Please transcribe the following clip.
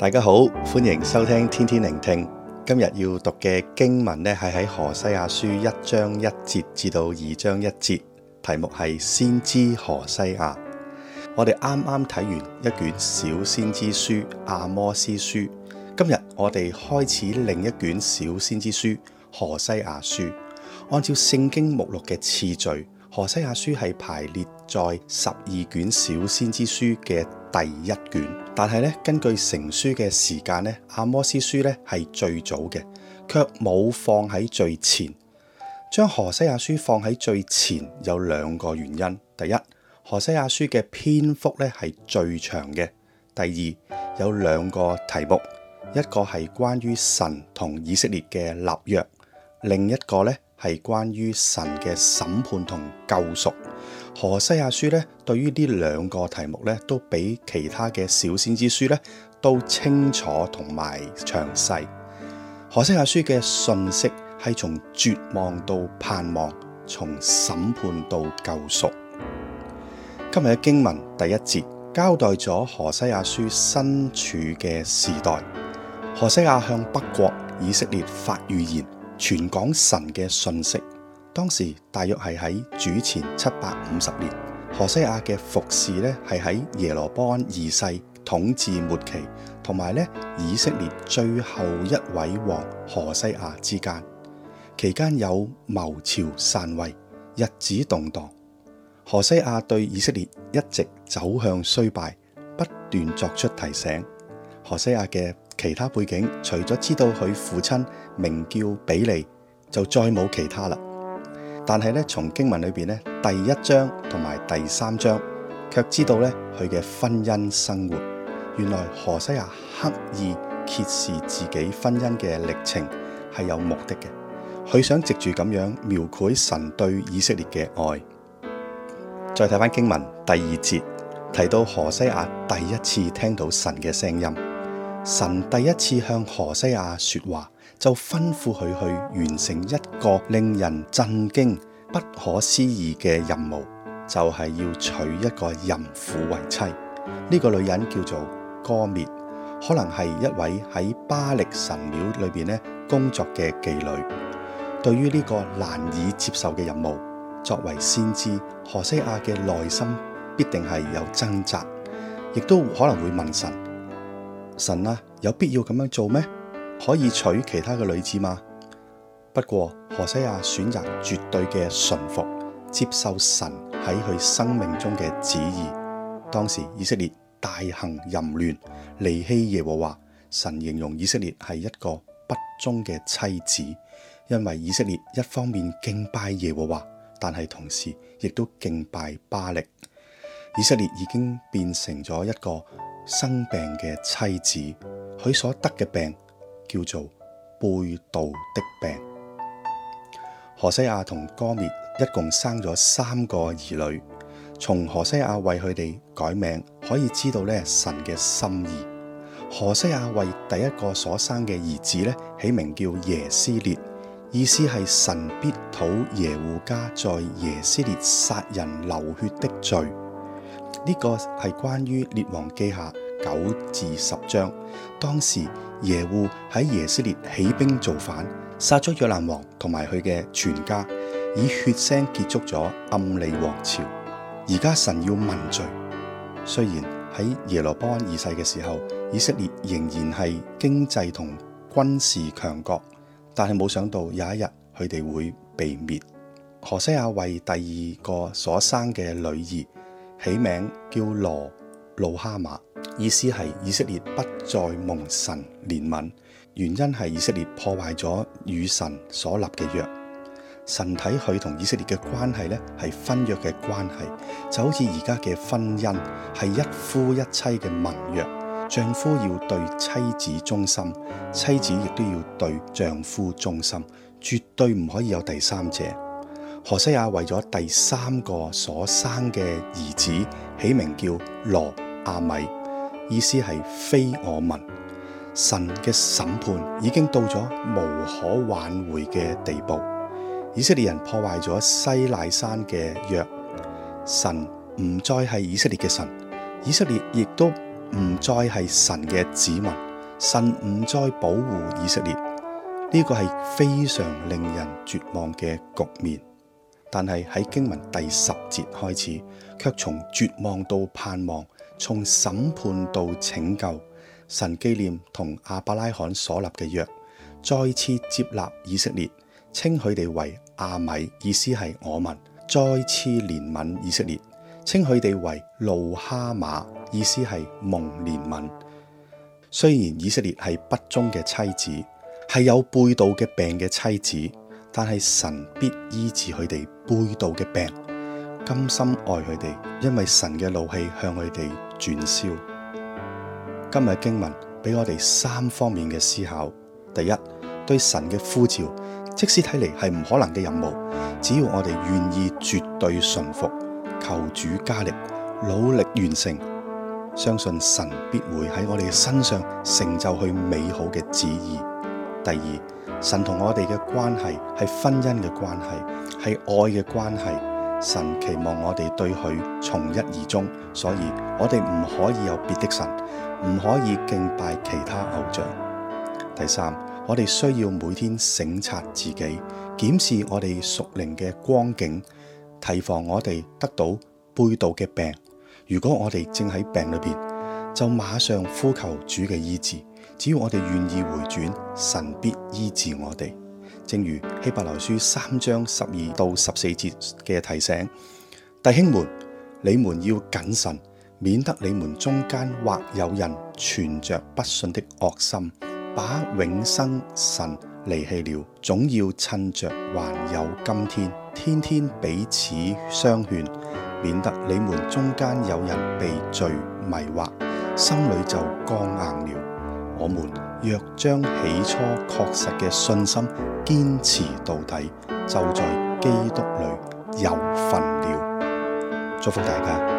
大家好，歡迎收聽天天靈聽。今日要讀嘅經文呢係喺何西阿書一章一節至到二章一節，題目係先知何西阿。我哋啱啱睇完一卷小先知書阿摩司書，今日我哋開始另一卷小先知書何西阿書。按照聖經目錄嘅次序，何西阿書係排列在十二卷小先知書嘅第一卷，但係咧，根據成書嘅時間咧，《阿摩司書》咧係最早嘅，卻冇放喺最前。將何西阿書放喺最前有兩個原因：第一，何西阿書嘅篇幅咧係最長嘅；第二，有兩個題目，一個係關於神同以色列嘅立約，另一個呢係關於神嘅審判同救贖。何西阿書咧，對於呢兩個題目咧，都比其他嘅小先知書咧都清楚同埋詳細。何西阿書嘅信息係從絕望到盼望，從審判到救贖。今日嘅經文第一節交代咗何西阿書身處嘅時代。何西阿向北國以色列發預言，傳講神嘅信息。當時大約係喺主前七百五十年，何西阿嘅服侍咧係喺耶羅波安二世統治末期，同埋咧以色列最後一位王何細亞之間，期間有謀朝篡位，日子動盪。何西阿對以色列一直走向衰敗，不斷作出提醒。何西阿嘅其他背景，除咗知道佢父親名叫備利，就再冇其他啦。但係咧，從經文裏邊咧，第一章同埋第三章，卻知道咧佢嘅婚姻生活，原來何西阿刻意揭示自己婚姻嘅歷程係有目的嘅，佢想藉住咁樣描繪神對以色列嘅愛。再睇翻經文第二節，提到何西阿第一次聽到神嘅聲音，神第一次向何西阿說話，就吩咐佢去完成一個令人震驚、不可思議嘅任務，就係、是、要娶一個淫婦為妻。呢、這個女人叫做歌篾，可能係一位喺巴力神廟裏邊呢工作嘅妓女。對於呢個難以接受嘅任務，作為先知何西阿嘅內心必定係有掙扎，亦都可能會問神：神啊，有必要咁樣做咩？可以娶其他嘅女子嗎？不過何西阿選擇絕對嘅順服，接受神喺佢生命中嘅旨意。當時以色列大行淫亂，離棄耶和華。神形容以色列係一個不忠嘅妻子，因為以色列一方面敬拜耶和華，但係同時亦都敬拜巴力。以色列已經變成咗一個生病嘅妻子，佢所得嘅病，叫做背道的病。何西阿同歌篾一共生咗三個兒女，從何西阿為佢哋改名可以知道咧神嘅心意。何西阿為第一個所生嘅兒子咧起名叫耶斯列，意思係神必討耶戶家在耶斯列殺人流血的罪。呢、這個係關於列王記下。九至十章，當時耶戶喺耶斯列起兵造反，殺咗約蘭王同埋佢嘅全家，以血腥結束咗暗利王朝。而家神要問罪，雖然喺耶羅波安二世嘅時候，以色列仍然係經濟同軍事強國，但係冇想到有一日佢哋會被滅。何西阿為第二個所生嘅女兒起名叫羅路哈瑪。意思係以色列不再蒙神憐憫，原因係以色列破壞咗與神所立嘅約。神睇佢同以色列嘅關係呢，係婚約嘅關係，就好似而家嘅婚姻係一夫一妻嘅盟約，丈夫要對妻子忠心，妻子亦都要對丈夫忠心，絕對唔可以有第三者。何西阿為咗第三個所生嘅兒子起名叫羅阿米。意思係非我民，神嘅審判已經到咗無可挽回嘅地步。以色列人破壞咗西奈山嘅約，神唔再係以色列嘅神，以色列亦都唔再係神嘅子民，神唔再保護以色列。呢個係非常令人絕望嘅局面。但係喺經文第十節開始，卻從絕望到盼望。從審判到拯救，神紀念同亞伯拉罕所立嘅約，再次接納以色列，稱佢哋為阿米，意思係我民；再次憐憫以色列，稱佢哋為路哈馬，意思係蒙憐憫。雖然以色列係不忠嘅妻子，係有背道嘅病嘅妻子，但係神必醫治佢哋背道嘅病。甘心愛佢哋，因為神嘅怒氣向佢哋轉消。今日經文俾我哋三方面嘅思考：第一，對神嘅呼召，即使睇嚟係唔可能嘅任務，只要我哋願意絕對順服，求主加力，努力完成，相信神必會喺我哋身上成就佢美好嘅旨意。第二，神同我哋嘅關係，係婚姻嘅關係，係愛嘅關係。神期望我哋對佢從一而終，所以我哋唔可以有別的神，唔可以敬拜其他偶像。第三，我哋需要每天省察自己，檢視我哋屬靈嘅光景，提防我哋得到背道嘅病。如果我哋正喺病裏邊，就馬上呼求主嘅醫治。只要我哋願意回轉，神必醫治我哋。正如希伯來書三章十二到十四節嘅提醒，弟兄們，你們要謹慎，免得你們中間或有人存着不信的惡心，把永生神離棄了。總要趁着還有今天，天天彼此相勸，免得你們中間有人被罪迷惑，心裏就剛硬了。我們若將起初確實的信心堅持到底，就在基督裏有分了。祝福大家。